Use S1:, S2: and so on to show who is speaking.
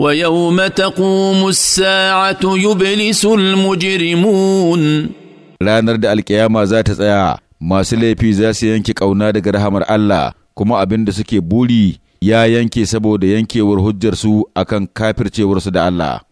S1: ويوم تقوم الساعة يبلس المجرمون ranar da alkiyama za ta tsaya masu laifi za su yanke ƙauna daga rahamar Allah kuma abin da suke buri ya yanke saboda yankewar hujjarsu
S2: akan kafircewarsu da Allah.